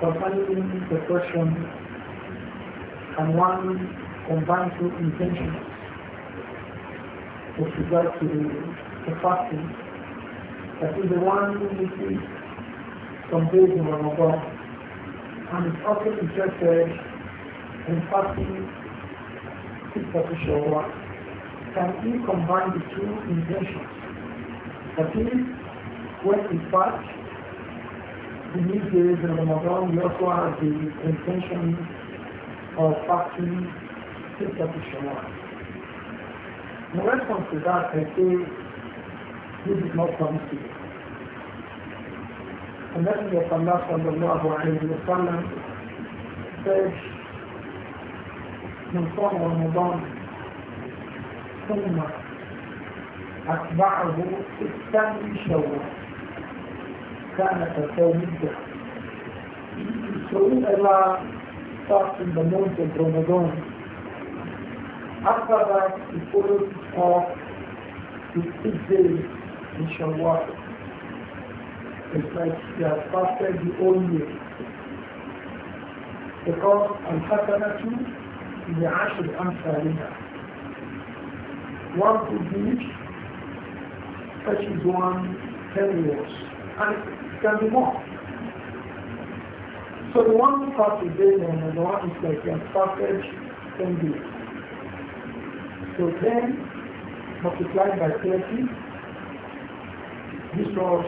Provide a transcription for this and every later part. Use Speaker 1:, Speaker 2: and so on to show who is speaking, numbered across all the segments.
Speaker 1: Combining the question and one combined two intentions with regard to the fasting. That is the one who receives from days in Ramadan and is also interested in fasting six of Shawwal. Can he combine the two intentions? That is, when he fasts, we need days in Ramadan, we also have the intention of fasting six of the Shawwal. In response to that, I say, this is not permissible. The Messenger of Allah sallallahu alayhi wa sallam said, من صام رمضان ثم أتبعه ستا شوال كانت التومية So whoever starts in the month of Ramadan, after that he follows up with six days in Shawwal. It's like he has fasted the whole year. Because Al-Hasanatu is the Ashur Amsalina. One could be fetches one ten years. And can be more. So the one part is based and the one is like a package can be. So then multiplied by 30, this was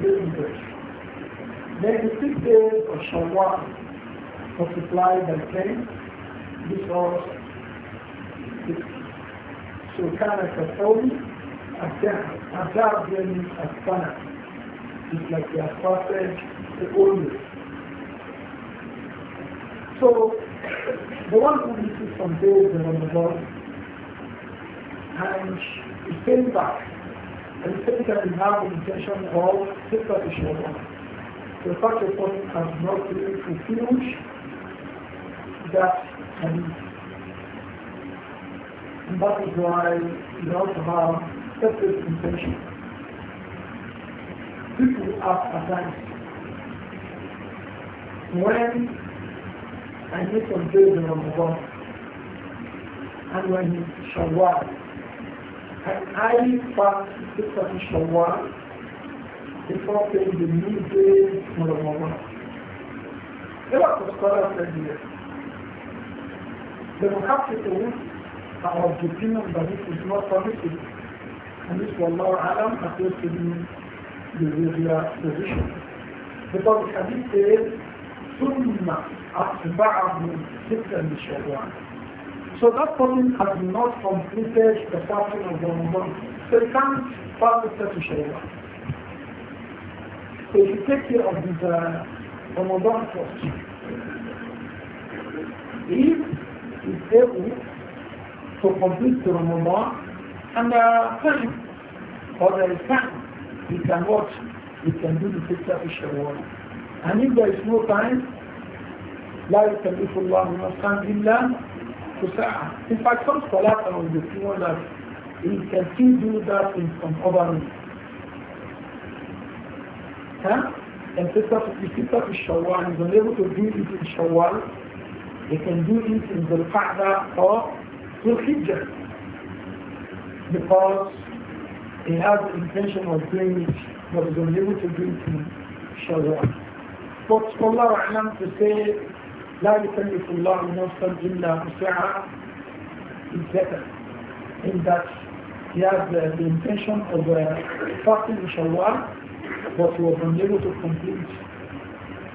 Speaker 1: 300. Then the six days of Shawwal multiplied by 10, this was 60. So kind of a 40, a 10, a 10 a 10 like they have the old So, the one who misses from days in Ramadan and is came back, and saying that we have the intention of Sifat Ishmael, the fact that one has not really fulfilled that hadith. And that is why we also have separate intentions. people have advanced. When I need to some the number one, and when in Shawwal, and I fast six the Shawwal before paying the new day in Ramadan. There was a scholar said here, the Muhammad are of the opinion that it is not permitted, and this, Wallahu Alam, appears to be The their position. Because the hadith says, ثُمَّ أَتْبَعَهُ سِتًا لِشَوَّانِ So that person has not completed the fasting of Ramadan. So he can't fast after to So if you take care of this uh, Ramadan first, if he's able to complete the Ramadan and uh, time, or there is time he can watch, he can do the fitna of shawwal. And if there is no time, لا يكلف الله نفسا إلا وسعها. In In fact, some scholars are of the people that he can still do that in some other way. Huh? And if the sister to Shawwal is unable to do it in Shawwal. They can do it in the Qa'dah or Dhul Hijjah. Because he had the intention of doing it, but was unable to do it in Sharia. But Allah Alam to say, لا يكلف الله نفسا إلا وسعها is better. In that he had the, the intention of uh, fasting in but but was unable to complete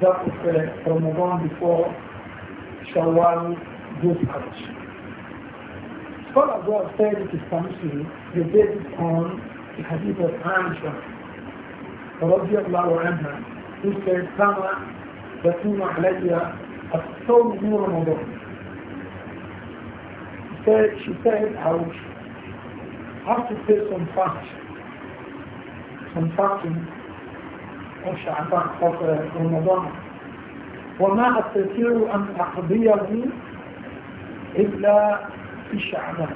Speaker 1: that of uh, Ramadan before Shawwal goes out. Scholars who have said it is permissible, they base it on في حديث عائشة رضي الله عنها تلك كما تكون علي الصوم من رمضان she said I would have to take some fast some fasting of Sha'ban of Ramadan وما أستطيع أن أقضيه إلا في شعبان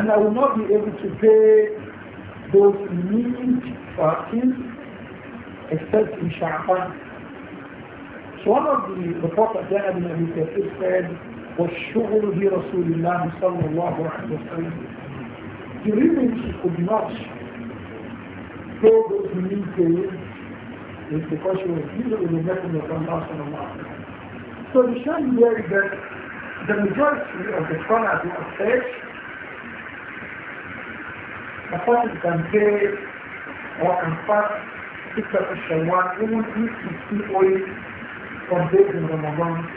Speaker 1: and I will not be able to pay those means fasting except in Sha'ban. So one of the reporters there in Abi Kathir said, والشغل برسول الله صلى الله عليه وسلم. The reason she could not pay those means is because she was busy with the Messenger of Allah sallallahu So the shahid there is that the majority of the scholars have said a person can pay or can fast six of Shawwal even if he see oil from days in Ramadan.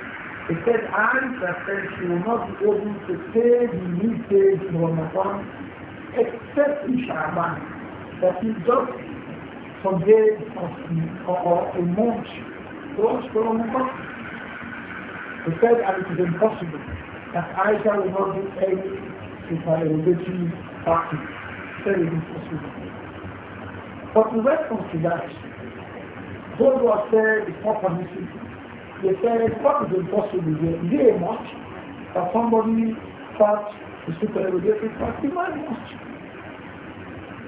Speaker 1: He said, I'm certain she will not be able to pay the new days in Ramadan except in Sha'ban. That is just some days of, or a month close to Ramadan. He said, and it is impossible that Aisha will not do any supererogatory practice necessarily impossible. But we went from that. Those who have said it's not permissible, they said what is impossible here? Is it a must that somebody starts the supererogatory fast? It might must.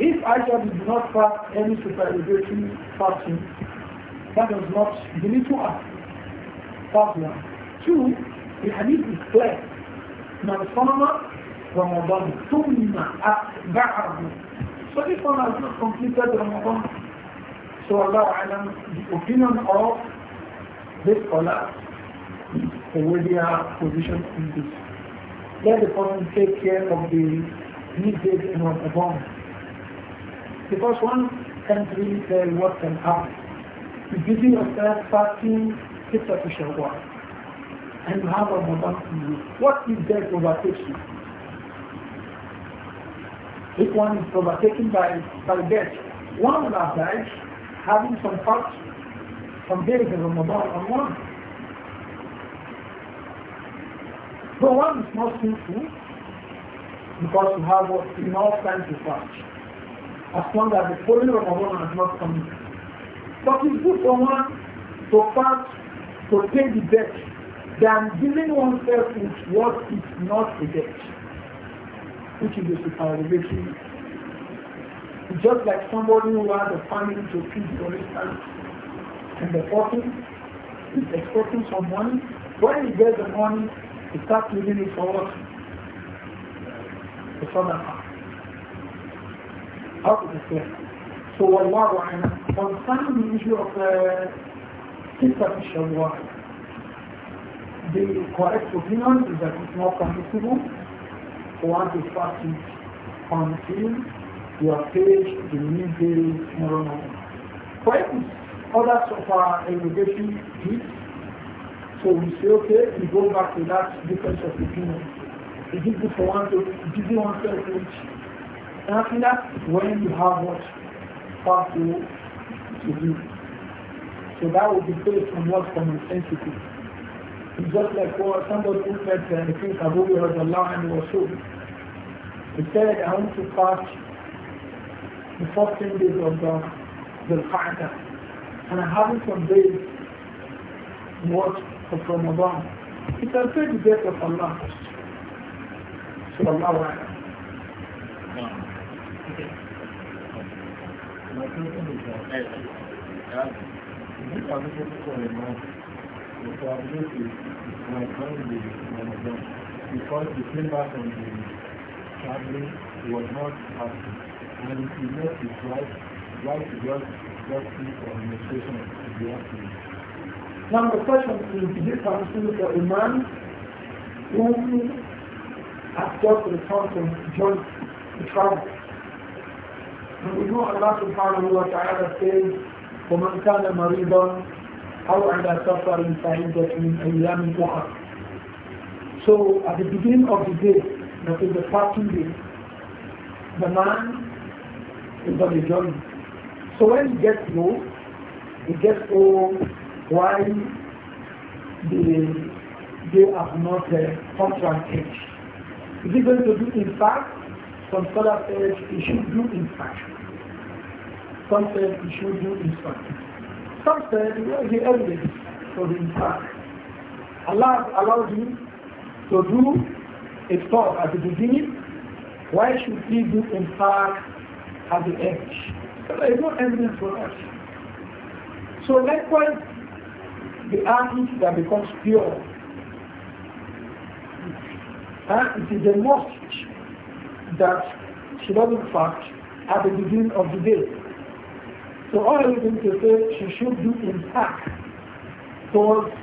Speaker 1: If Aisha did not pass any supererogatory fasting, that does not belittle to us. That's Two, the hadith is clear. Now, the Ramadan, Tumma Akba'ahu. So if one has not completed Ramadan. So Allah Alam, the opinion of this scholar where they are positioned in this. Let the person take care of the needs in Ramadan. Because one can't really tell what can happen. You busy yourself fasting, it's official work. And you have Ramadan to you. What is there to overtake you? This one is overtaken by, by death, one of our died having some parts, some days in Ramadan on one. The one is not sinful because you have enough time to fast. As long as the following Ramadan has not come. But it's good for one to fast to pay the debt than giving oneself with what is not the debt which is a supererogatory. Just like somebody who has a family to feed, for instance, and the person is expecting some money, when he gets the money, he starts using it for what? The father. How to explain? So, Wallahu A'lam, concerning the issue of the uh, superficial Shawwal, the correct opinion is that it's not permissible want to fast it until you have paid the midday murmur. For instance, so of our education did, so we say, okay, we go back to that difference of opinion. It is good for one to give you one self rich. And after that, when you have what far to, to do. So that would be based on what's common sensitive. It's just like what somebody said to him, King Abu Hurairah was so. He said, I want to fast the 14 days of the Zulqa'dah. And I haven't some days watch of Ramadan. He said, pay the death of Allah. Sallallahu alayhi wa so I'm going to my family one of them. Because he came back from the traveling, he was not happy. And he left his wife, wife just got sick or menstruation to be happy. Now the question is, is it permissible for a man who has just returned from joint the travel? And we know Allah subhanahu wa ta'ala says, وَمَنْ كَانَ مَرِيضًا أو على سفر فعدة من أيام أخرى So at the beginning of the day, that is the fasting day, the man is on a journey. So when he gets home, he gets home while the they have not uh, come to an edge. Is he going to do in fact? Some scholars say he should do in fact. Some say he should do in fact. Some said he earned it for himself. Allah allows him to do a thought at the beginning. Why should he do in fact at the end? there is no evidence for us. So likewise, the act that becomes pure, and it is the most that she doesn't fact at the beginning of the day. So all everything to say she should be in fact towards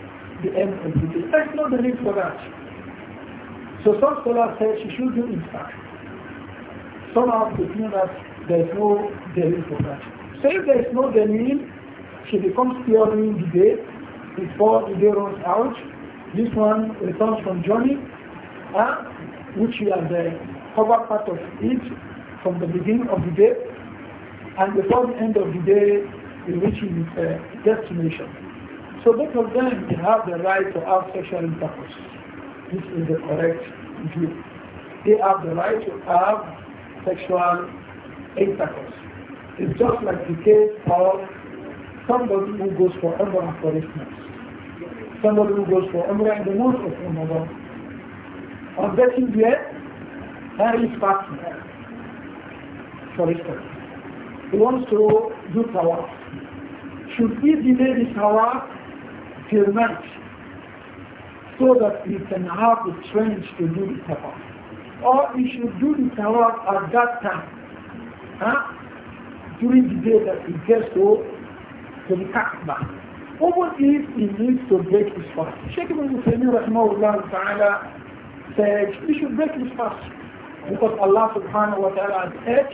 Speaker 1: the end of the day. That's not the need for that. So some scholars say she should do in fact. Some have the view that there is no need for that. So if there is no need, she becomes pure during the day before the day runs out. This one returns from journey, uh, which we have the cover part of it from the beginning of the day and before the end of the day we reach his uh, destination. So both of them they have the right to have sexual intercourse. This is the correct view. They have the right to have sexual intercourse. It's just like the case of somebody who goes for Umrah for instance. Somebody who goes for Umrah in the month of Ramadan. On getting there, that is fasting, for instance he wants to do tawaf. Should he delay the tawaf till night so that he can have the strength to do the tawaf? Or he should do the tawaf at that time, huh? during the day that he gets to, to the Kaaba. Even if he needs to break his fast. Sheikh Ibn Taymiyyah ta'ala said, he should break his fast. Because Allah subhanahu wa ta'ala has said,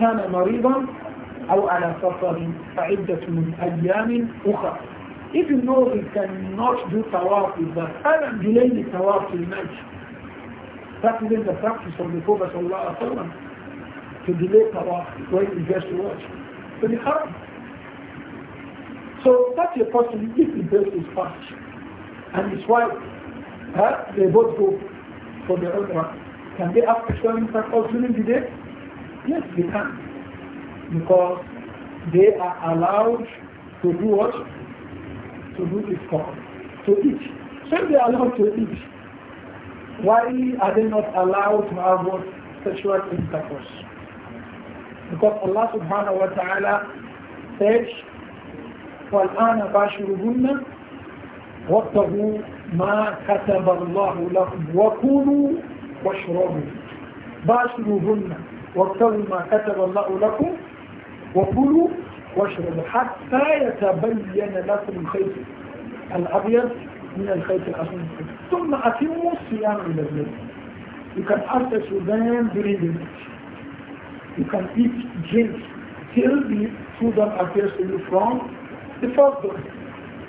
Speaker 1: كان مريضا أو على سفر فعدة من أيام أخرى If you know you cannot do tawaf with that, and delay the tawaf till night. That is the practice of the Prophet sallallahu to delay tawaf when he gets to watch. the haram. So that's a person if he does his fast and his wife, huh, they both go for the Umrah. Can they ask the Islamic also during the day? Yes, they can. Because they are allowed to do what? To do this call. To eat. So they are allowed to eat. Why are they not allowed to have what? Sexual intercourse. Because Allah subhanahu wa ta'ala says, وَالْآنَ بَاشِرُهُنَّ وَابْتَغُوا مَا كَتَبَ اللَّهُ لَكُمْ وَكُلُوا وَاشْرَبُوا بَاشِرُهُنَّ وابتغوا ما كتب الله لكم وكلوا واشربوا حتى يتبين لكم الخيط الأبيض من الخيط الأسود ثم أتموا الصيام إلى الليل You can ask the Sudan during the night. You can eat, drink, till the Sudan appears to you from the first day.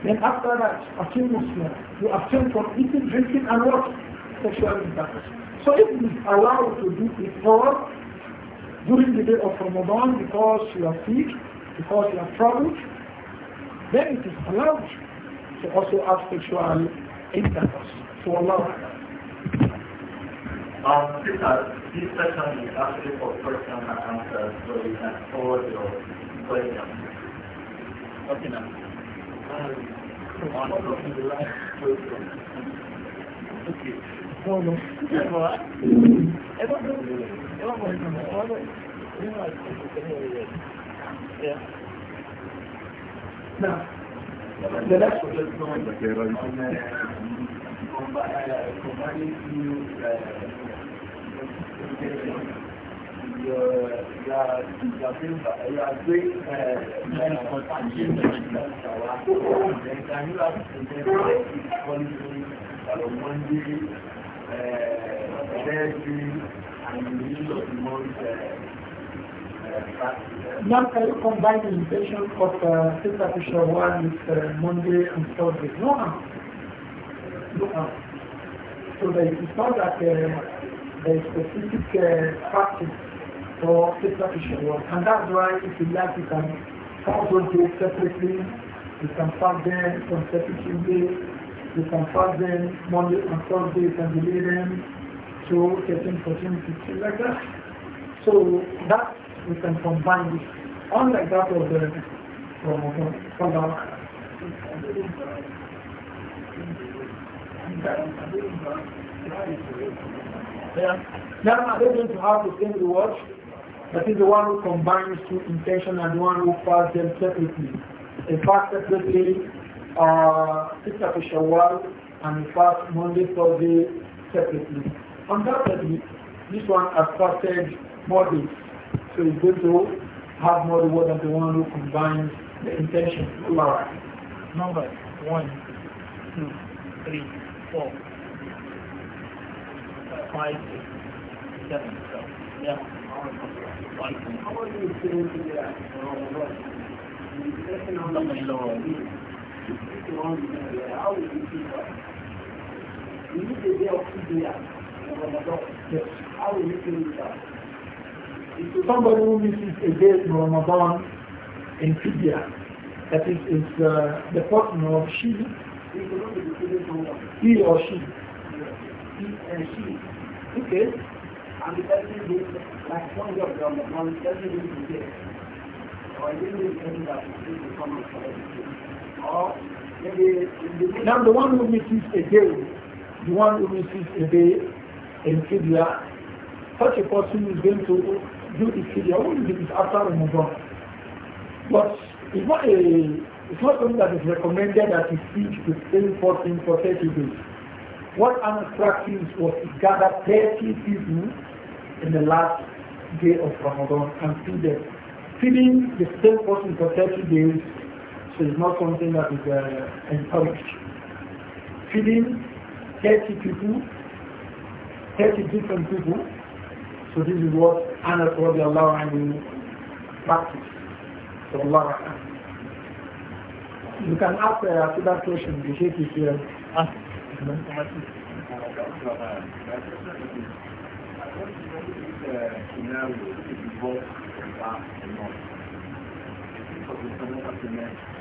Speaker 1: Then after that, abstain Muslim. You abstain from eating, drinking, and what? Sexual intercourse. So if we allow to do it all, during the day of Ramadan because you are sick, because you are troubled, then it is allowed to also have sexual intercourse. So Allah. Um, uh, this, question this session is actually for question and answer, so you can forward your question. Okay, now. Um, okay. fóònù Your uh, eh, surgery eh, eh, now, can you combine the invention of uh, Sister one with uh, Monday and Thursday? No, no. no. So they thought that uh, there is specific uh, practice for Sister Fisher one. And that's why, if you like, you can also do separately. You can start there from separate days you can fast them Monday and Thursday, you can delay them So, 13, 14, 15 like that. So that we can combine it. Unlike that of the Ramadan. From our yeah. Now are they going to have the same reward? That is the one who combines two intention and the one who fasts them separately. In fact, separately uh, Sister Shawwal and fast Monday, Thursday separately. Undoubtedly, this one has fasted more days, so it's going to have more reward than the one who combines the intention. Allah. Number one, two, three, four, five, six, seven, so, yeah. Five, How are you feeling today? Oh, If somebody who misses a day in Ramadan in Fidya, that is, is uh, the person of she, he or she. He and she. Okay. And like one of the Ramadan, the person is there. Or I didn't really think that it is common for everything. now the one who misses a day, the one who misses a day in Qibla, such a person is going to do his Qibla only if it's after Ramadan. But it's not a it's not something that is recommended that you teach to stay person for 30 days. What Anna practiced was to gather 30 people in the last day of Ramadan and feed them. Feeding the same person for 30 days is not something that is uh, encouraged. Feeding 30 people, 30 different people, so this is what Anas radiallahu anhu practiced. So Allah You can ask uh, that question, the Sheikh is here. Uh, scenario the not. Because it's not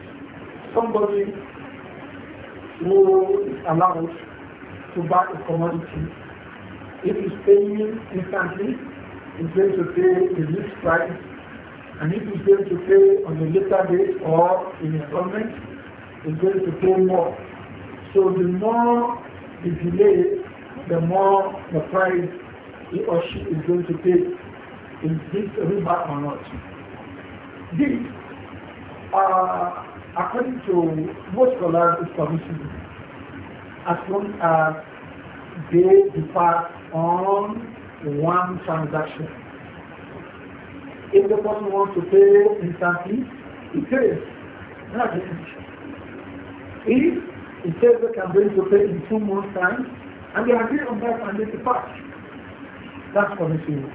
Speaker 1: somebody who is allowed to buy a commodity, if he's paying instantly, he's going to pay the list price, and if he's going to pay on a later date or in installment, he's going to pay more. So the more the delay, the more the price he or she is going to pay. Is this riba or not? These are. Uh, according to most scholars, is permissible as long as they depart on one transaction. If the person wants to pay instantly, he pays. That's it. If he says they can bring to pay in two months' time, and they agree on that and they depart, that's permissible.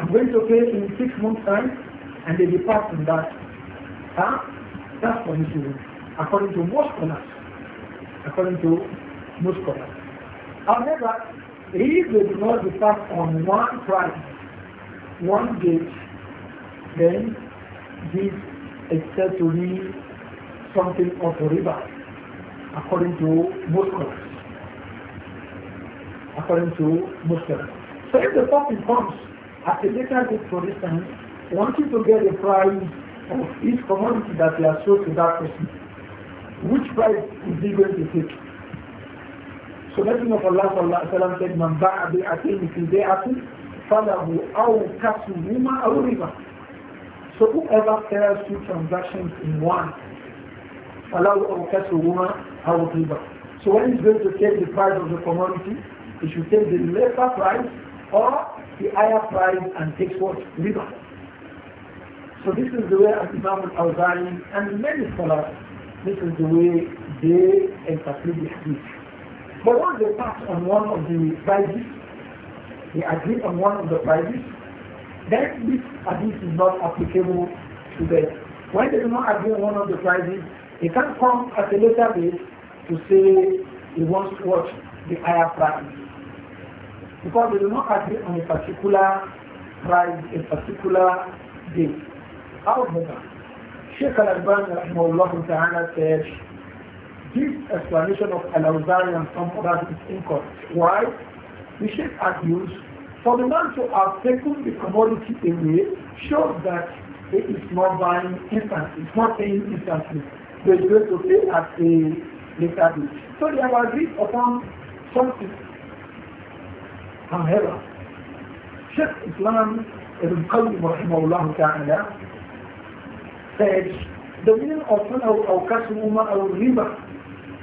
Speaker 1: I'm going to pay in six months' time, and they depart from that. Huh? That's for according to most scholars. According to most scholars. However, if they do not depart on one price, one gate, then this is said to be something of a river, according to most scholars. According to most scholars. So if the person comes at a later date, for instance, wanting to get a price each commodity that you are sold to that person, which price is he going to take? So let's Messenger of Allah sallallahu alayhi wa sallam said, Man ba'a bi'atin fi bi'atin falahu aw kasuhuma aw riba. So whoever sells two transactions in one, falahu aw kasuhuma aw riba. So when he's going to take the price of the commodity, he should take the lesser price or the higher price and takes what? Riba. So this is the way of Imam al-Awzari and many scholars, this is the way they interpret the hadith. But once they pass on one of the prizes, they agree on one of the prizes, then this hadith is not applicable to them. When they do not agree on one of the prizes, they can come at a later date to say he wants to watch the higher prize. Because they do not agree on a particular prize, a particular date. Out of Mecca. Sheikh Al-Albani rahimahullah ta'ala said, this explanation of Al-Awzari and some others is incorrect. Why? The Sheikh argues, for the man to have taken the commodity away shows that it is not buying instantly, it's not paying instantly. They are going to pay at a later date. So they have agreed upon something. However, Sheikh Islam Ibn Qayyim rahimahullah ta'ala said the woman of our or woman our riba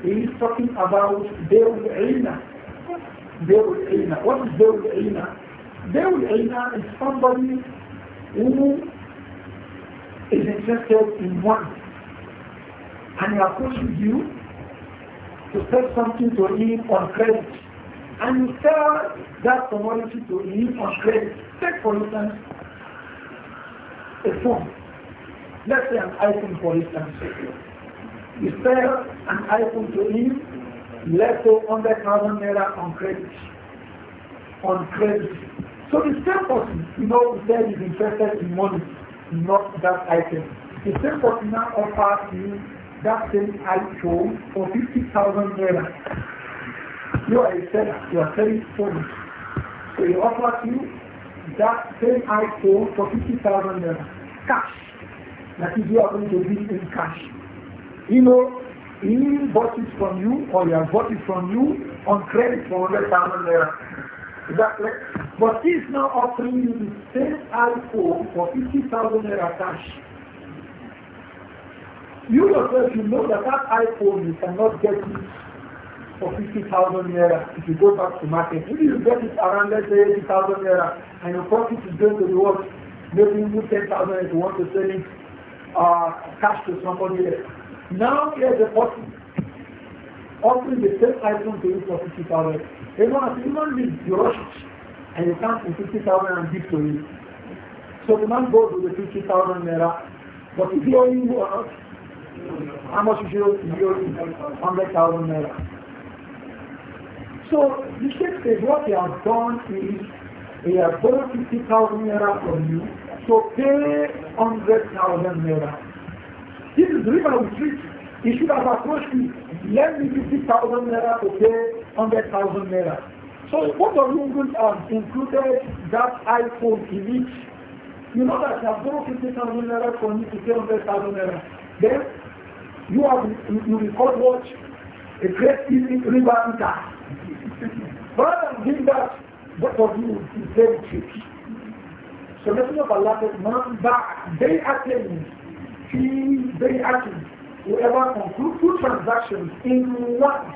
Speaker 1: is talking about Dewul Elena Dewul Elena What is Dewul Elena Dewul Elena is somebody who is interested in one and he approaches you to sell something to him on credit and you sell that commodity to him on credit. Take for instance a phone Let's say an iPhone for instance. You sell an iPhone to him, let's say 100,000 naira on credit. On credit. So the same person, you know, he he's interested in money, not that item. The same person now offers you that same iPhone for 50,000 naira. You are a seller, you are selling phones. So he offers you that same iPhone for 50,000 naira. Cash. That is, you are going to give in cash, you know, he bought it from you or he has bought it from you on credit for 100,000 naira. Is that correct? But now offering you the same iPhone for 50,000 naira cash. You yourself, you know that that iPhone you cannot get it for 50,000 naira if you go back to market. If you get it around, let's say, 80,000 naira and your profit is going to be worth Maybe you 10,000 if you want to sell it uh, cash to somebody else. Now here's a person offering the same item to you for 50,000. Everyone, everyone will be rushed and you can't 50,000 and give to him. So the man goes with the 50,000 naira, but if he owe you or not, how much is your, your 100,000 naira? So the Sheikh says what he has done is he has borrowed 50,000 naira from you to pay 100,000 naira. This is riba with rich. He should have approached me, lend me 50,000 naira to pay 100,000 naira. So what you Lunguns have included that iPhone in it. You know that you have borrowed 50,000 naira for me to pay 100,000 naira. Then you have you record watch A great easy river eater. Rather than doing that, what of you is very cheap? So Messenger of Allah says, Man that they attend, he they attend Whoever concludes two transactions in one,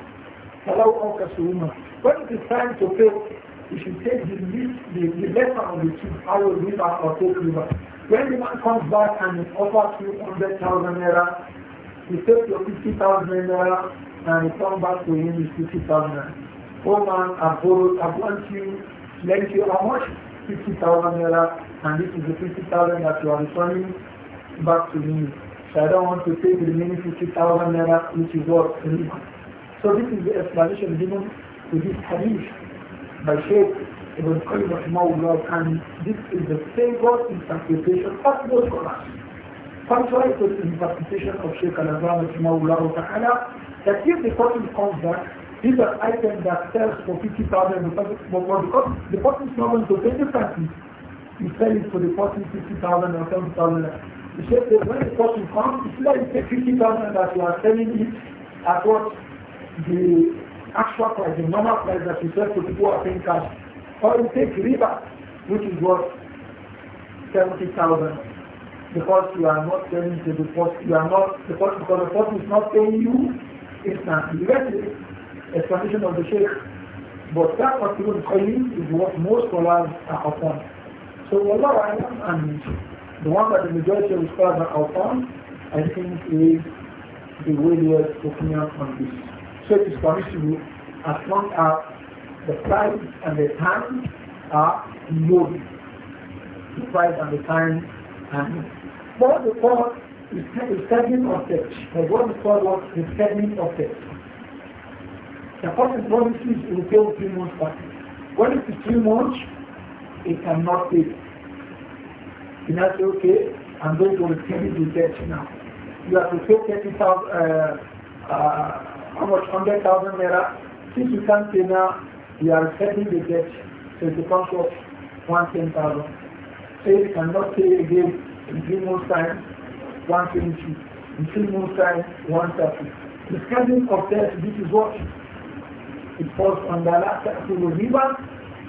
Speaker 1: falau aw kasuma. When it is time to pay, you should take the least, the, the lesser of the two, our river or take river. When the man comes back and offers you 100,000 naira, you take your 50,000 naira and you come back to him with 50,000 naira. Oh man, I've borrowed, I've lent you, lent you how much? 50,000 naira and this is the 50,000 that you are returning back to me. So I don't want to pay the remaining 50,000 naira which is what riba. So this is the explanation given to this hadith by Sheikh Ibn Qayyim Rahimahullah and this is the favored interpretation of those scholars. Contrary to the interpretation of Sheikh Al-Azhar Rahimahullah Ta'ala that if the person comes back is an item that sells for 50,000 but because the person is not going to pay the prices, you sell it for the person 50,000 or 70,000. You said that when the person comes, it's like 50,000 that you are selling it at what the actual price, the normal price that you sell to people are paying cash. Or you take riba, which is worth 70,000 because you are not selling to the person, you are not, the person, because the person is not paying you instantly. Let's explanation of the Sheikh, but that particular Qayyim is what most scholars are upon. So Allah Alam and the one that the majority of scholars are upon, I think is the way they are opinion on this. So it is permissible as long as the price and the time are low. The price and the time are low. But the thought is taking of text. But what is called what is taking of text. The person promises he will pay three months back. if it is three months, It cannot pay. He now say, okay, I'm going to return the debt now. You have to pay 30,000, uh, uh, how much, 100,000 naira. Since you can't pay now, you are returning the debt. So it becomes of 110,000. So you cannot pay again in three months time, 120. In three months time, 130. The scheduling of debt, this is what? It falls under la ta'kulu riba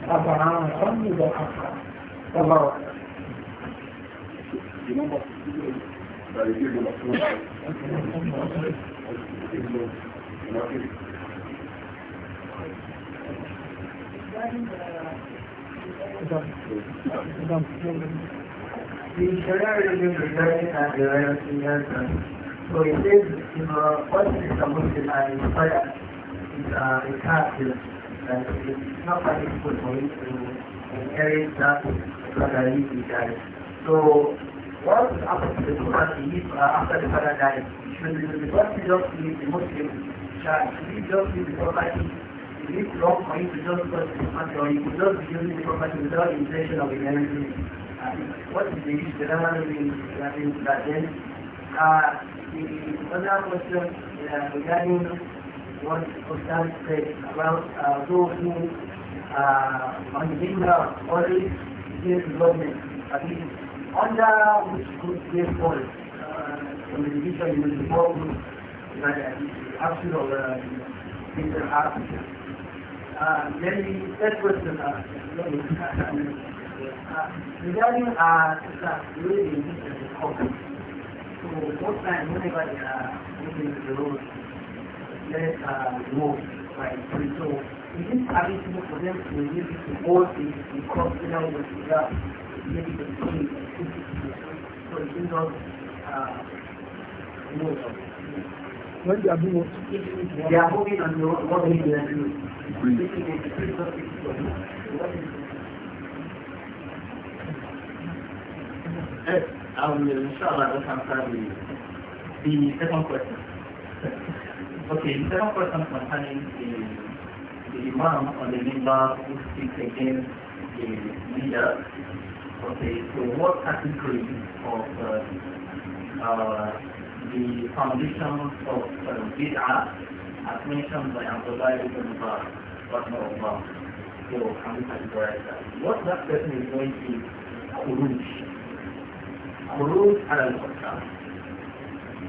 Speaker 1: abraham wa akha. Allahu akbar. The Sharia religion regarding and the right of So it says, you know, what is the uh, it's hard to, uh, it's not quite difficult for me to inherit that father if he dies. So what would to the property if uh, after the father dies? Should the property just be the Muslim child? Should he just be the property? Is it wrong for him to just put the property or he could just be using the property without the intention of inheriting what is the issue that i having that then? Uh, the other question uh, regarding what Ustaz said about uh, those who uh, on the Himra always give development, at least under which group they fall, uh, on the division in the four groups, like uh, absolute or uh, different half. Uh, then the third question, uh, uh, regarding our uh, really in the conference, so most times whenever they are moving the road, let uh, So is it possible for them to use it to the, the with the maybe the key, so it is not uh, When they are doing They are moving on the what they are doing. Eh, um, inshallah, that's the second question. Okay, the second question concerning the, the imam or the member who speaks against the leader. Okay, so what category of uh, uh, the foundation of uh, bid'ah as mentioned by Abdullah ibn Bar, but not Obama. So can we categorize that? What that person is going to خروج خروج al الحكام.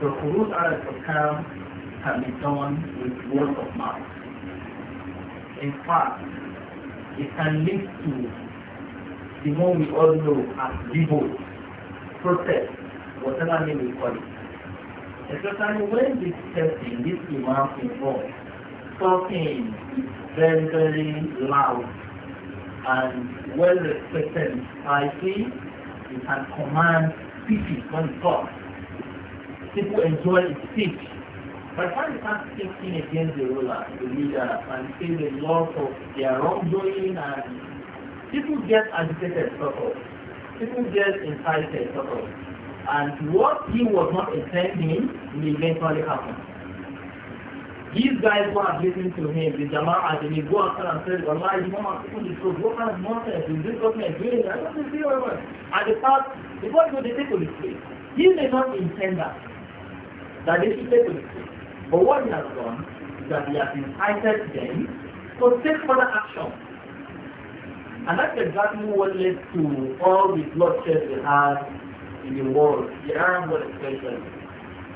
Speaker 1: So خروج al الحكام can be done with word of mouth. In fact, it can lead to the one we all know as devote, protest, whatever name we call it. Especially when this testing, this amount involves talking very, very loud and well respected see you can command speeches when it talks. People enjoy speech but when the person speaking against the ruler, the leader, and says the laws of their wrongdoing, and people get agitated, People get incited, And what he was not intending will eventually happen. These guys who are listening to him, the Jama'at, and he go outside and say, Allah, you know, i people this what kind of nonsense is this government doing? I don't see what At the start, before they go, they take to the street. He may not intend that, that they should take to the street. But what he has done is that he has invited them to take further action. And that's exactly what led to all the bloodshed we had in the world, the Arab world especially.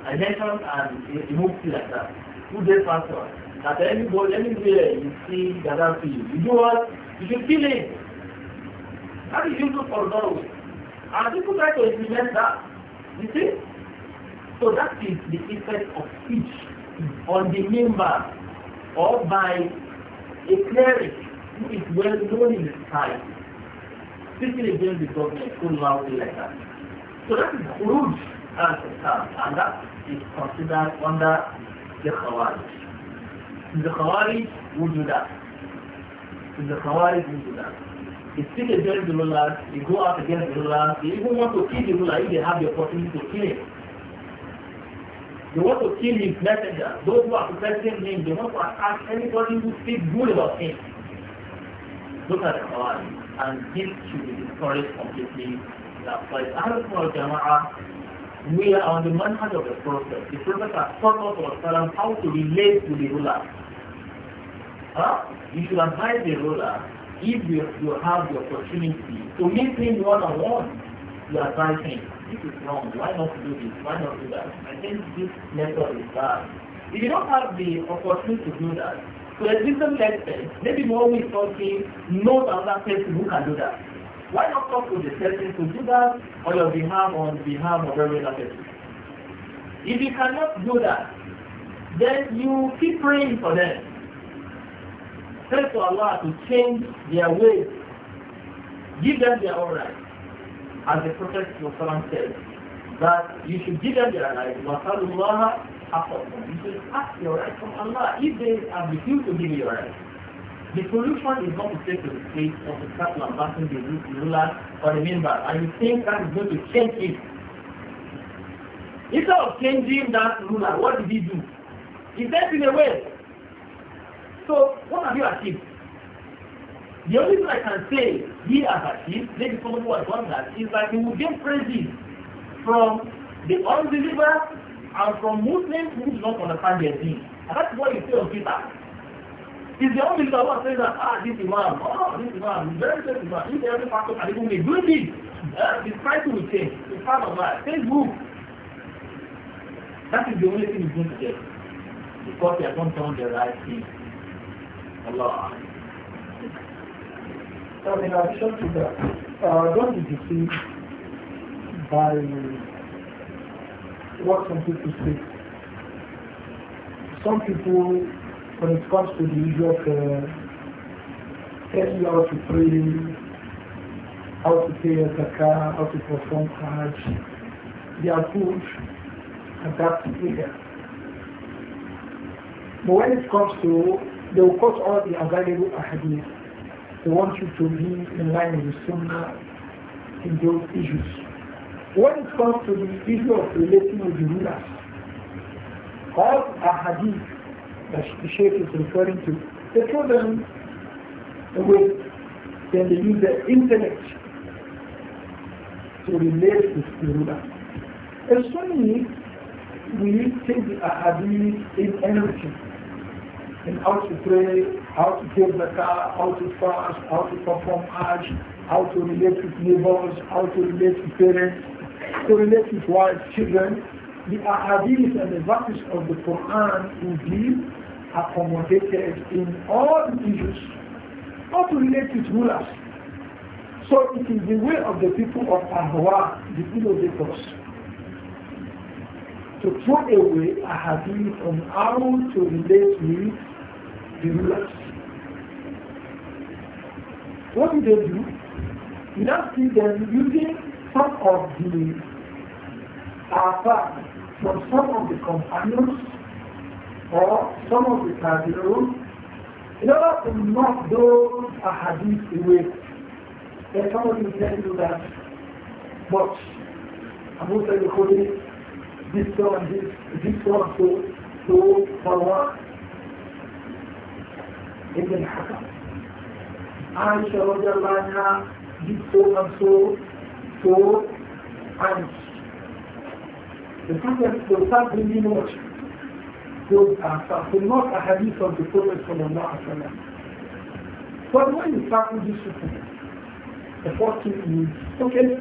Speaker 1: I mentioned and it moved like that. Two days after, that anybody, anywhere you see Gaddafi, you do what? You should kill him. That is useful for Norway. And people try to implement that. You see? So that is the effect of speech on the member or by a cleric who is well known in his time, speaking against the government so loudly like that. So that is rude as a term, and that is considered under the Khawarij. The Khawarij would do that. The Khawarij would do that. They speak against the rulers, they go out against the rulers, they even want to kill the ruler if they have the opportunity to kill him. They want to kill his messenger. Those who are protecting him, they want to attack anybody who speaks good about him. Look at the Quran, and this should be discouraged completely. That's why Ahlul Jama'ah, we are on the manhaj of the Prophet. The Prophet has taught us how to relate to the ruler. Huh? You should advise the ruler if you, you have the opportunity to meet him one on one, you advise him. this is wrong. Why not do this? Why not do that? I think this method is bad. If you don't have the opportunity to do that, to a different extent, maybe more we talking, know other person who can do that. Why not talk to the person to do that on your behalf on behalf of every other person? If you cannot do that, then you keep praying for them. Pray to Allah to change their ways. Give them their own rights. As the Prophet said that you should give them their right. Wasalullah You should ask your rights from Allah if they have refused to give you your right. The solution is not to take to the state or to start lambasting the ruler or the member. And you think that is going to change it. Instead of changing that ruler, what did he do? He stepped in a way. So what have you achieved? The only thing I can say he has achieved, maybe someone who has done that, is that he will get praises from the unbeliever and from Muslims who do not understand their deen. And that's what you say of Peter. Is the unbeliever who says that, ah, this Imam, oh, this Imam, very good Imam, if every pastor can even make good deeds, uh, eh, his title will change, it's part of that, Facebook. That is the only thing he's going to get. Because he has not done the right thing. Allah. So in addition to that, uh, don't be deceived by what some people say. Some people, when it comes to the issue of uh, telling you how to pray, how to pay a zakah, how to perform hajj, they are good and that's area. But when it comes to, they will cost all the available ahadith they want you to be in line with the Sunnah in those issues. When it comes to the issue of relating with the rulers, all a hadith that the Shaykh is referring to, they throw them away. Then they use their intellect to relate with the ruler. A Sunni will take the ahadith in everything in how to pray, how to give the car, how to fast, how to perform Hajj, how to relate with neighbors, how to relate with parents, to relate with wives, children. The ahadith and the verses of the Quran indeed, be accommodated in all the issues, how to relate with rulers. So it is the way of the people of Ahwa, the innovators, to throw away a hadith on how to relate with What did they do? You now see them using some of the alpha uh, from some of the companions or some of the cardinals in order to knock those ahadith away. Then somebody will tell you that, but Abu Sayyid Khudri, this one, this, this one, so, so, for what? ibn Hakam. Aisha radiallahu anha did so and so, so and the Prophet will start bringing what? Those are not a hadith the Prophet sallallahu alaihi wasallam. But when you start with this thing, the first thing is, okay,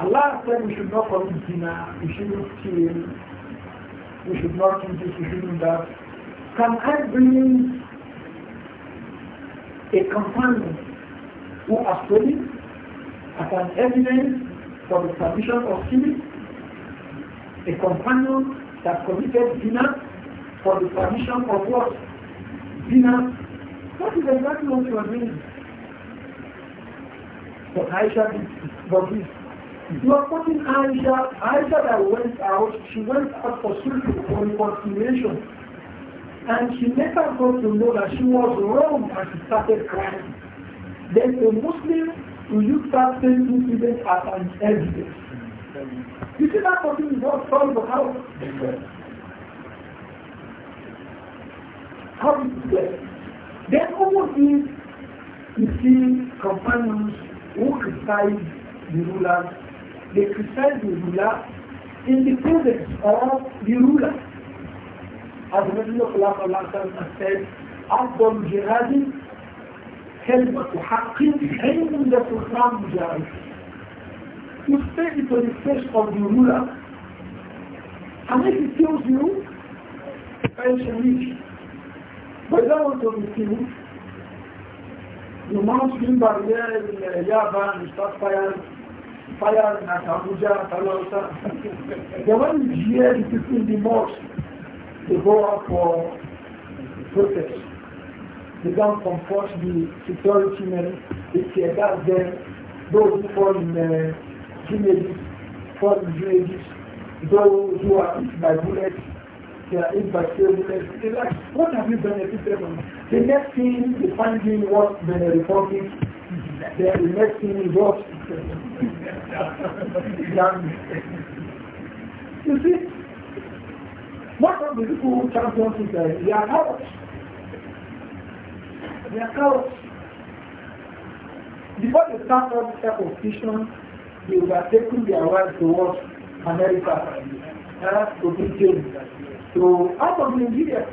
Speaker 1: Allah said we should not commit zina, we shouldn't kill, we should not do this, we shouldn't that. Can I bring a companion who has stolen as an evidence for the permission of sinning, a companion that committed dinner for the permission of what? Dinner. What is exactly what you are doing? So Aisha did for this. You are putting Aisha. Aisha that went out, she went out for sulh, for reconciliation. And she never got to know that she was wrong and she started crying. Then a Muslim will use that same incident as an evidence. You see that person is not from the house. How is that? Then almost is you see companions who criticize the ruler. They criticize the ruler in the presence of the ruler. أظن خلق الله تعالى السيد أفضل جهاد كلمة حق حين لا تخرم جهاد مستعد تريفش قدرولا أما في سيو سيو فإيش أميش بدأوا تريفشو يمانش من بارير اليابان مشتاق فيار فيار ناكابوجا فلوسا يوان جيال تسين دي موش they go out for protest. They don't comfort the security men, they tear gas them, those who fall in uh, villages, fall in villages, those who are hit by bullets, they are hit by steel bullets. They like, what have you benefited from? The next thing they find him what the reporting. the next thing is what? you see, what of the people champions uh, they are cowards. They are cowards. Before they start up their competition, they were taking their wives towards America, That's the thing. So out of Nigeria.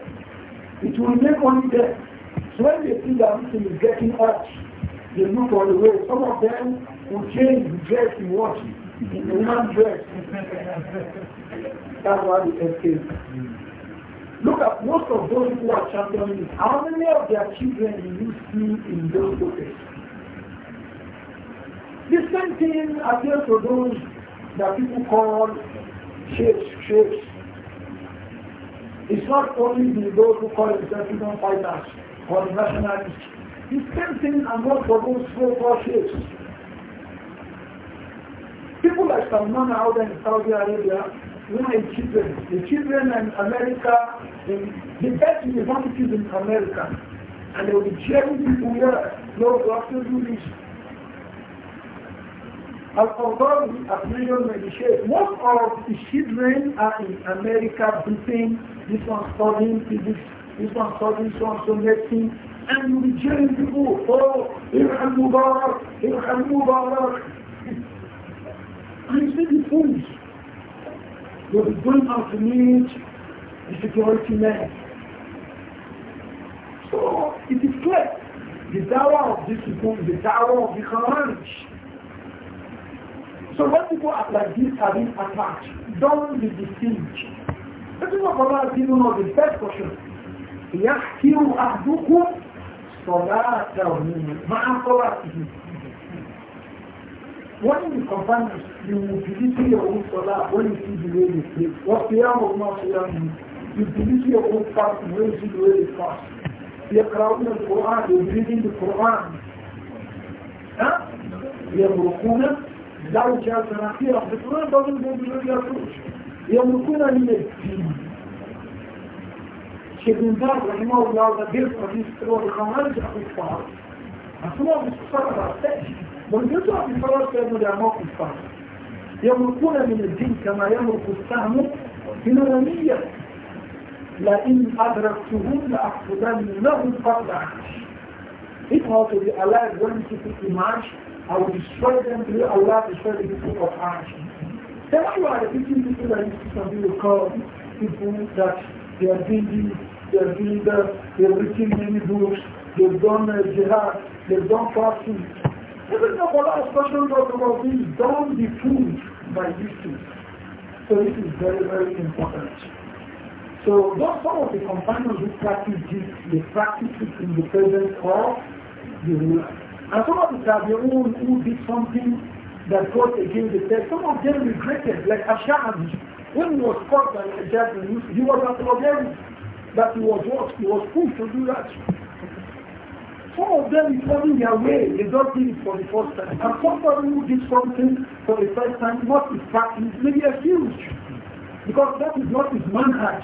Speaker 1: It will make only them. So when they see that Muslim is getting up, they look all the way. Some of them will change the dress in watching. In dress. That's why Look at most of those who are championing How many of their children do you see in those pockets? The same thing appears to those that people call shapes, shapes. It's not only the those who call themselves freedom fighters or nationalists. The same thing applies not for those who call shapes. People like Salman Auda in Saudi Arabia who are children? The children in America, the best universities in America, and they will be cheering people here, no, you have to do this. Although the opinion may be shared, most of the children are in America, Britain, this one studying physics, this one studying so and so medicine, and you'll be cheering people, oh, Irham Mubarak, Irham Mubarak. you see the fools. But we going have to meet the security men. So it is clear. The dawah of this people is the dawah of the Quran. So when people act like this have being attacked, don't be deceived. This is what Allah is giving us the best question. يحكي أحدكم صلاته مع صلاته when the companions, the utility of Salah, when you see the way they pray, what they are of Masala means, the utility of fasting, when you see the way they fast. do are crowding the Quran, they are reading the Quran. Huh? They are Rukuna, that which has an appeal of não Quran doesn't go a their fruit. They are Rukuna in the deen. Sheikh bin Baz, rahimahullah, the gift of this through a Khawarij de Islam. والجزء في الفراغ كانوا يعمق الفهم يمرقون من الدين كما يمرق السهم من الرمية لئن أدركتهم لأحفظن لهم قبل عرش If I were to be alive when people emerge, I would destroy them till Allah destroy the people of Arsh. That's you the repeating people that used to something you call people that they are building, they are builders, they are written many books, they've done uh, jihad, they've done fasting, even the Quran special talks about being don't be fooled by these things. So this is very, very important. So those some of the companions who practice this, they practice it in the presence of the ruler. And some of the Tabi'un who did something that goes against the text, some of them regretted, like Ash'ari. When he was caught by the judge, he was apologetic that he was what? He was fooled to do that. Some of them is having their way. They don't did it for the first time. And somebody who did something for the first time, not his practice, maybe a huge Because that is not his manhaj.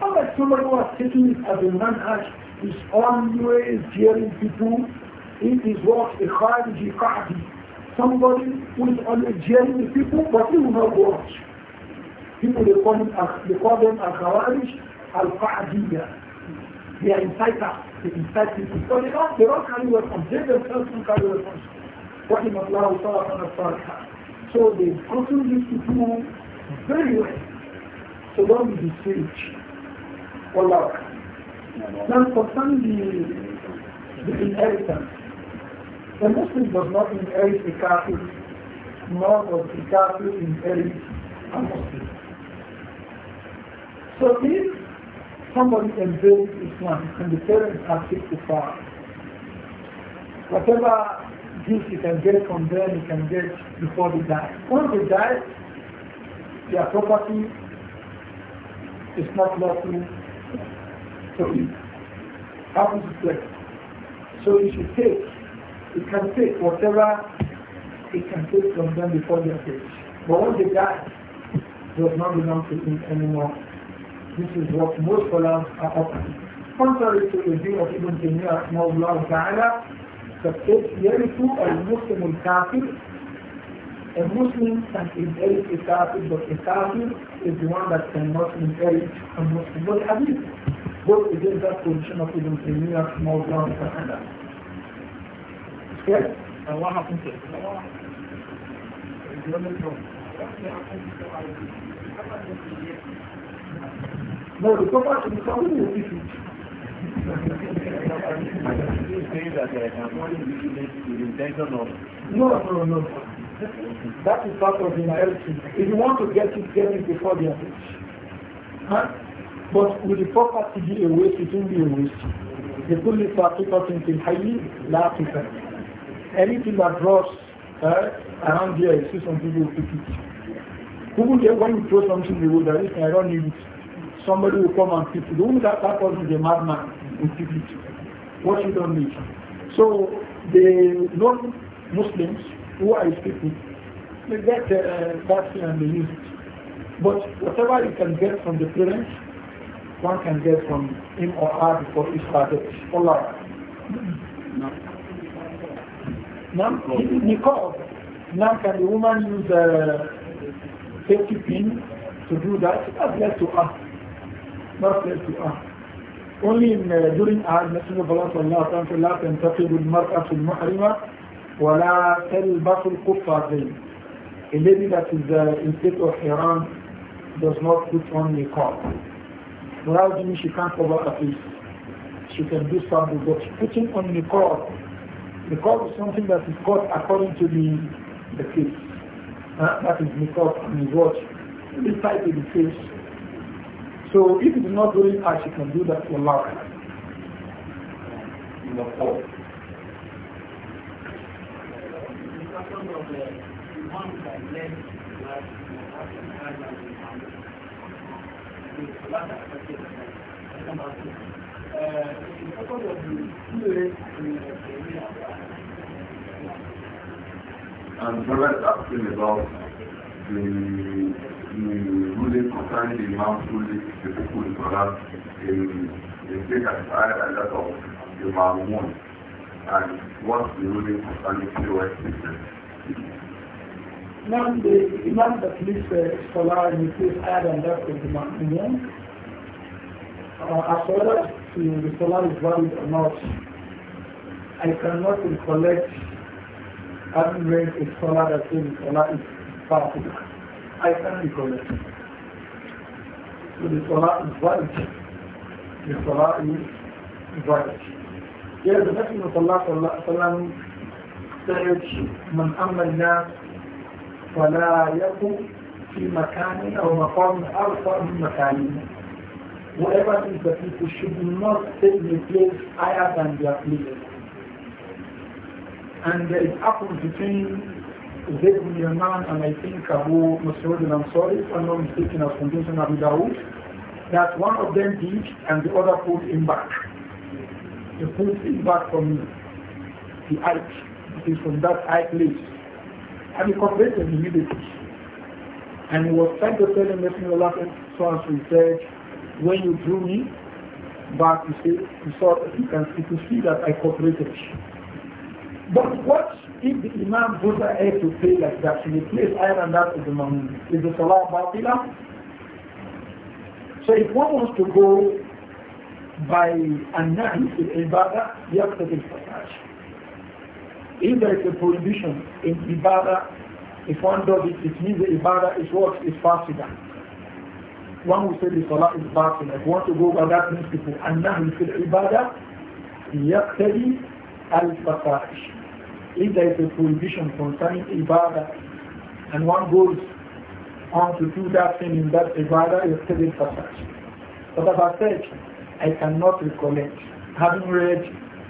Speaker 1: Unlike somebody who has taken it as a manhaj, is always hearing people, it is what a Khariji Qadi. Somebody who is always hearing the people, but he will not watch. People they call, him, they call them Al-Khawarij, Al-Qadiyya. They are inciters. the infected. So they don't, they don't carry weapons. They themselves don't carry weapons. وَإِمَ اللَّهُ صَلَّى اللَّهُ So they continue to do very well. So don't be deceived. Allah, Now concerning the, the inheritance, the Muslim does not inherit the kafir, nor does the kafir inherit a Muslim. So if somebody build Islam and the parents are 65. to Whatever gifts you can get from them, you can get before they die. Once they die, their property is not lawful to you. Happens to them. So you should take, you can take whatever you can take from them before they die. But once they die, it does not belong to you anymore. This is what most scholars are opposite. Contrary to the view of Ibn Taymiyyah rahimahullah ta'ala, that says, يَرِثُ الْمُسْلِمُ الْكَافِرُ A Muslim can inherit a kafir, but a kafir is the one that cannot inherit a Muslim. But hadith goes against that position of Ibn Taymiyyah rahimahullah ta'ala. Yes? And what happened no, the property is something will keep it. No, no, no. That is part of inheritance. If you want to get it, get it before the are Huh? But with the property be a waste? It will be a waste. The fully participant in highly lack Anything that draws uh, around here, you see some people will pick it. Who will get? when you throw something, they will, I don't need it somebody will come and pick it. Only that, that person is a madman who pick it. What you don't need. So the non-Muslims who are speaking, they get uh, and they use it. But whatever you can get from the parents, one can get from him or her before he started. Allah. No. Now, Nicole, now can the woman use a uh, safety pin to do that? I'd like to ask not place to us. Only in, uh, during Hajj, Messenger of Allah sallallahu alayhi wa sallam لا تنتقل المرأة المحرمة ولا تلبس القفازين. A lady that is uh, in state of Iran does not put on niqab. Without doing she can't cover her face. She can do something, but putting on a the niqab is something that is cut according to the, the case. Uh, that is because and is what? It is the face. So if it is not really Hajj, you can do that for life, And Robert asking about the the ruling Now, the Imam that uh, in the higher than that of uh, as well as to the is valid or not, I cannot recollect having read a that says is ايكونيك وللثراء الفارج للثراء الفارج يرد نفسه صلى الله عليه وسلم سعد من أما الناس فلا يكون في مكان أو مقام أرفع من مكانه Whatever is the people should not take the place higher than their place. And it happens between Zayd bin Yaman and I think Abu Masrud al-Ansari, if I'm not mistaken, as convinced in Abu Dawood, that one of them did and the other pulled him back. He pulled him back from the Ike. It is from that height, place. And he confronted him immediately. And he was trying to tell him, Messenger Allah, so and so said, when you drew me, back, you see, you saw, you can you could see that I cooperated. But what if the Imam goes ahead to pray like that, should he place higher than that is the Mamun? Is the Salah Batila? So if one wants to go by An-Nahi fil Ibadah, يقتضي الفساد. If there is a prohibition in Ibadah, if one does it, it means the Ibadah is what is fasida. One will say the Salah is batila. If one to go by that principle, An-Nahi fil Ibadah, يقتضي الفساد if there is a prohibition concerning ibadah and one goes on to do that thing in that ibadah, you're still in passage. But as I said, I cannot recollect having read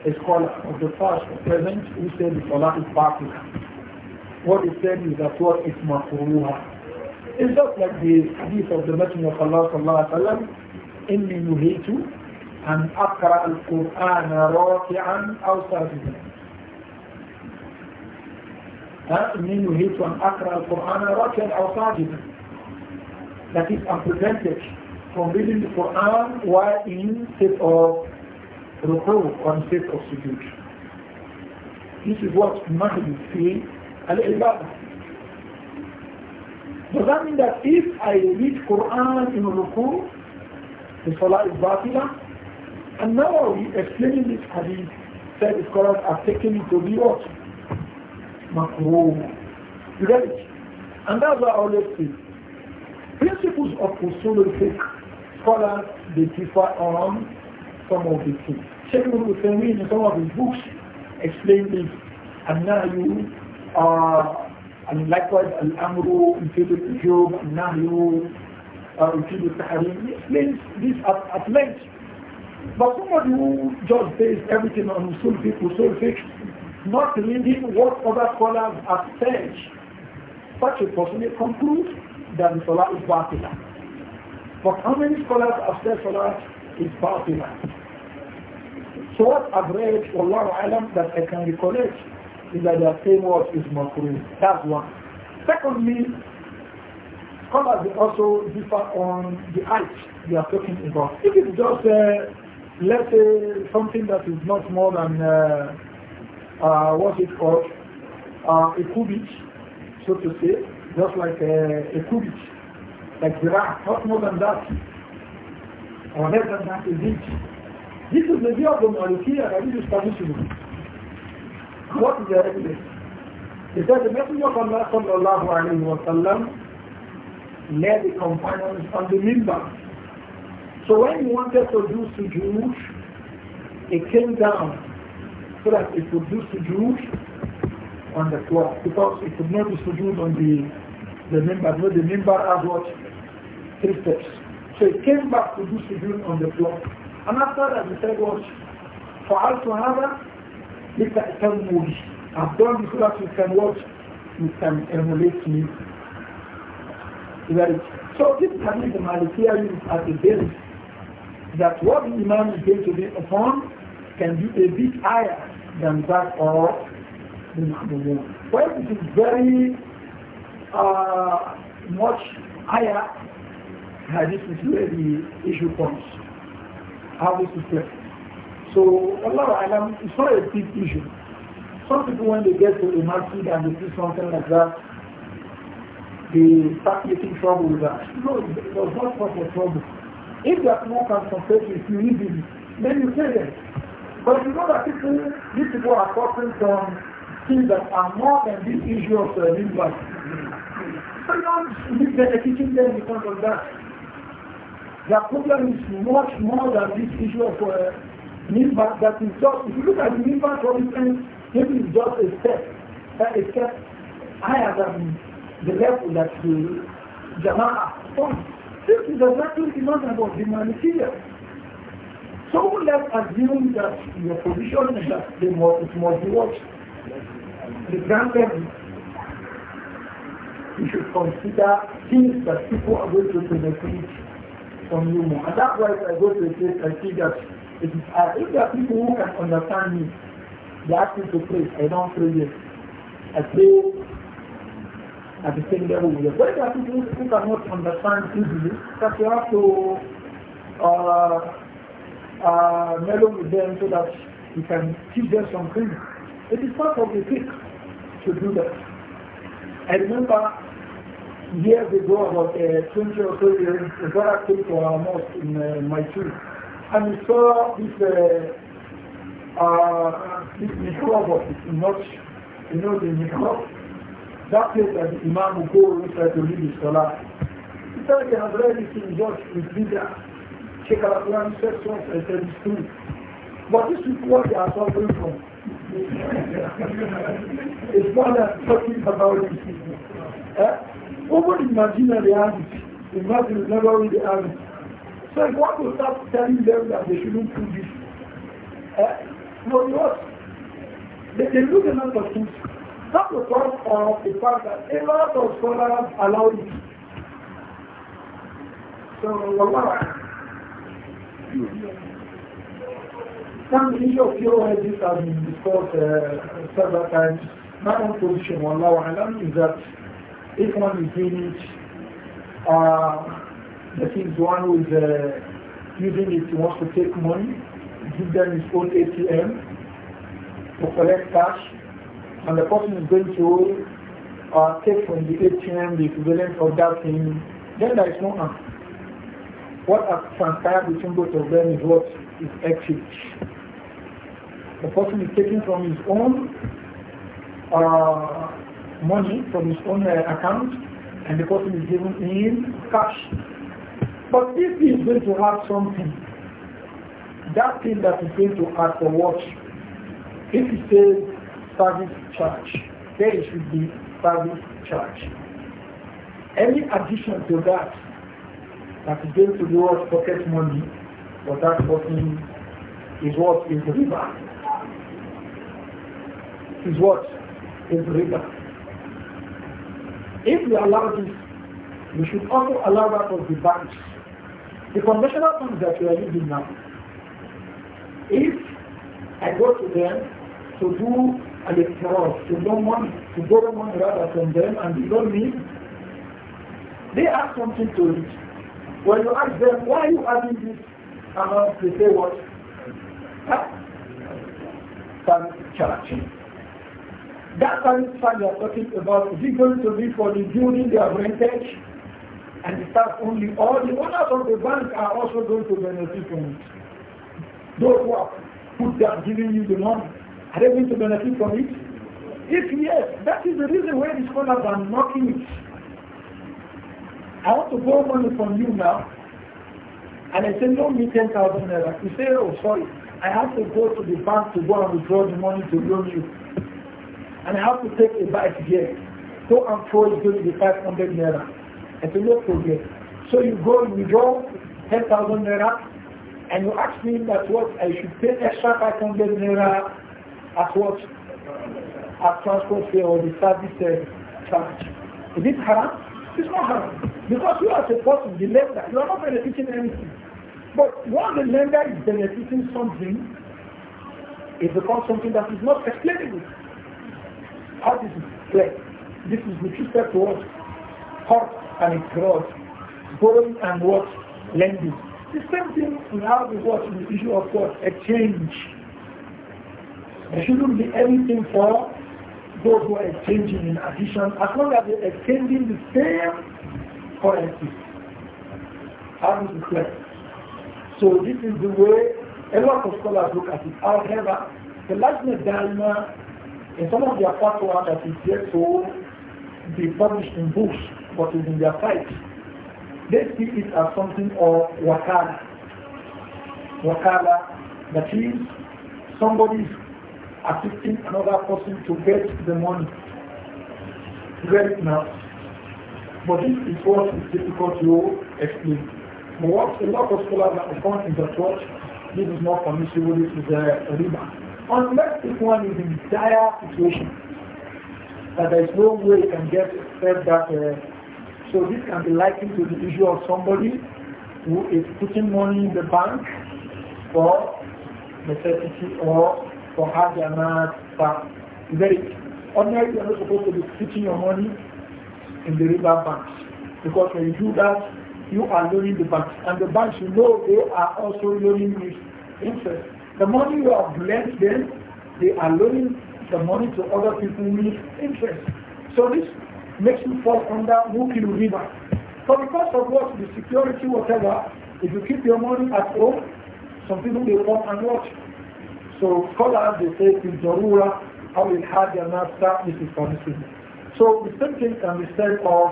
Speaker 1: a scholar of the past or present who said the Salah is popular. What he said is that what is makruha. It's just like the hadith of the Messenger of Allah sallallahu wa wasallam, إني نهيت أن أقرأ القرآن راكعا أو ساجدا Huh? And then you hate to Akra al-Quran That is, I'm prevented from reading the Quran while in state of ruku or in state of sujood. This is what Mahdi say al-Ibadah. Does that mean that if I read Quran in ruku, the Salah is batila? And now we explaining this hadith, said the scholars are taking it to be what? makruh. And that's why I always principles of usulul al-fiqh, scholars, they differ on some of the things. Some Ibn Uthaymeen in some of his books explain this. النهي uh, and likewise al-amru الأمر يفيد الوجوب النهي يفيد التحريم explains this at, at length. But somebody who just based everything on usul fiqh, usul fiqh, not believing what other scholars have said, such a person may conclude that the Salah is Batila. But how many scholars have said Salah is Batila? So what I've read, Wallahu Alam, that I can recollect is that they are saying what is Makruh. That's one. Secondly, scholars also differ on the height they are talking about. If it's just, uh, let's say, something that is not more than uh, uh, what's it called, uh, a cubit, so to say, just like a, a cubit, like zirah, not more than that, or less than that is it. This is the view of the Malikiya that it is permissible. What is the evidence? It says the Messenger of Allah sallallahu alayhi wa sallam led the companions on the minbar. So when he wanted to do sujood, he came down so that it would do sujood on the floor because it would not do sujood on the the member. No, the member has what three steps. So it came back to do sujood on the floor. And after that, he said, "What? For also هذا لتأتموا به." I've done this so that you can watch, you can emulate me. Right. So this hadith the Malikiya at the base that what the Imam is going to be upon can be a bit higher than that of the Mahmudiyah. When it is very uh, much higher, this is where the issue comes. How this is left. So Allah Alam, it's not a big issue. Some people when they get to a masjid and they see something like that, they start making trouble with that. No, it was not for trouble. If that people can compare with you easily, then you say that. But you know that people, these people are suffering from things that are more than this issue of uh, midwife. So you don't leave them, teaching them because of that. Their problem is much more than this issue of uh, midwife that is just, if you look at the midwife, for instance, This is just a step, uh, a step higher than the level that the Jama'ah. So this is exactly the matter of the material. So let's assume that your position is that the most it must be what? The granted, you should consider things that people are going to benefit from you more. And that's why I go to the place, I see that it is, uh, if there are people who can understand me, they ask me to pray. I don't pray yet. I pray at the same level with them. But there are people who cannot understand easily, that you have to uh, uh, mellow with them so that you can teach them something. It is part of the trick to do that. I remember years ago, about uh, 20 or 30 years, a brother came to our mosque in uh, my tree, and he saw this uh, uh, this mikrobot, not, you know, the mikrob, that place that the imam will go inside to lead his salah. He said, I have already seen George with leader. Sheikh Al-Quran said so and it's true. But this is what they are suffering from. it's not that talking about it. Eh? Over in imagine the have Imagine In Madina Nabawi they So if one will start telling them that they shouldn't do this, eh? no, you what? They, they lose a lot of things. Not because of the fact that a lot of scholars allow it. So, Allah. Some issue of fuel this has been discussed uh, several times. My own position, on Alam, is that if one is doing it, uh, the things one who is uh, using it wants to take money, give them his own ATM to collect cash, and the person is going to uh, take from the ATM the equivalent of that thing, then there is no answer. What has transpired between both of them is what is exit. The person is taking from his own uh, money, from his own uh, account, and the person is giving in cash. But if he is going to have something, that thing that he's going to ask for what? If he says service charge, there should be service charge. Any addition to that that is going to be what pocket money, but that person is what is river. Is what is river? If we allow this, we should also allow that of the banks. The conventional funds that we are using now, if I go to them to do an extraordinary, to loan money, to borrow money rather from them and they don't need, they have something to it. When you ask them, why are you having this amount, they say what? Some charge. That tariff fund you are talking about is going to be for the building they have rented and the staff only. All the owners of the bank are also going to benefit from it. Those who are put giving you the money, are they going to benefit from it? If yes, that is the reason why the scholars are knocking it. I want to borrow money from you now. And I say, loan me 10,000 naira. You say, oh, sorry. I have to go to the bank to go and withdraw the money to loan you. And I have to take a bike here. Go and throw it to the 500 naira. I say, no problem. So you go, you withdraw 10,000 naira, and you ask me that what I should pay extra 500 naira at what? As transport fare or the service uh, charge. Is it haram? It's not haram. Because you are supposed to be lender, you are not benefiting anything. But what the lender is benefiting something, it becomes something that is not explainable. How this is clear. This is with respect to what? Hurt and it growth. Borrowing and what? Lending. The same thing we have with what? The issue of what? Exchange. There shouldn't be anything for those who are exchanging in addition as long as they're exchanging the same currency. How does So this is the way a lot of scholars look at it. However, the Lajna Dharma, in some of their fatwa that is yet to be published in books, but is in their sites, they see it as something of wakala. Wakala, that is, somebody is assisting another person to get the money. Get now. But this is what is difficult to explain. But what a lot of scholars are upon is that this is not permissible, this is a riba. Unless if one is in dire situation, that there is no way you can get except that. Uh, so this can be likened to the issue of somebody who is putting money in the bank for necessity or for hajj and Is that it? you're not supposed to be putting your money in the river banks. Because when you do that, you are loaning the banks. And the banks, you know, they are also loaning with interest. The money you have lent them, they are loaning the money to other people with interest. So this makes you fall under Mukilu river. So because of what? The security, whatever, if you keep your money at home, some people will come and watch. So scholars, they say, in Jarura, how will have their master, this is permissible. So the same thing can be said of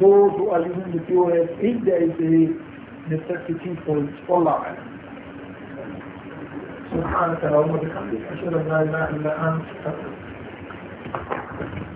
Speaker 1: those who are living in the U.S. if there is a necessity for it. Allah. سبحانك اللهم وبحمدك أشهد أن لا إله إلا أنت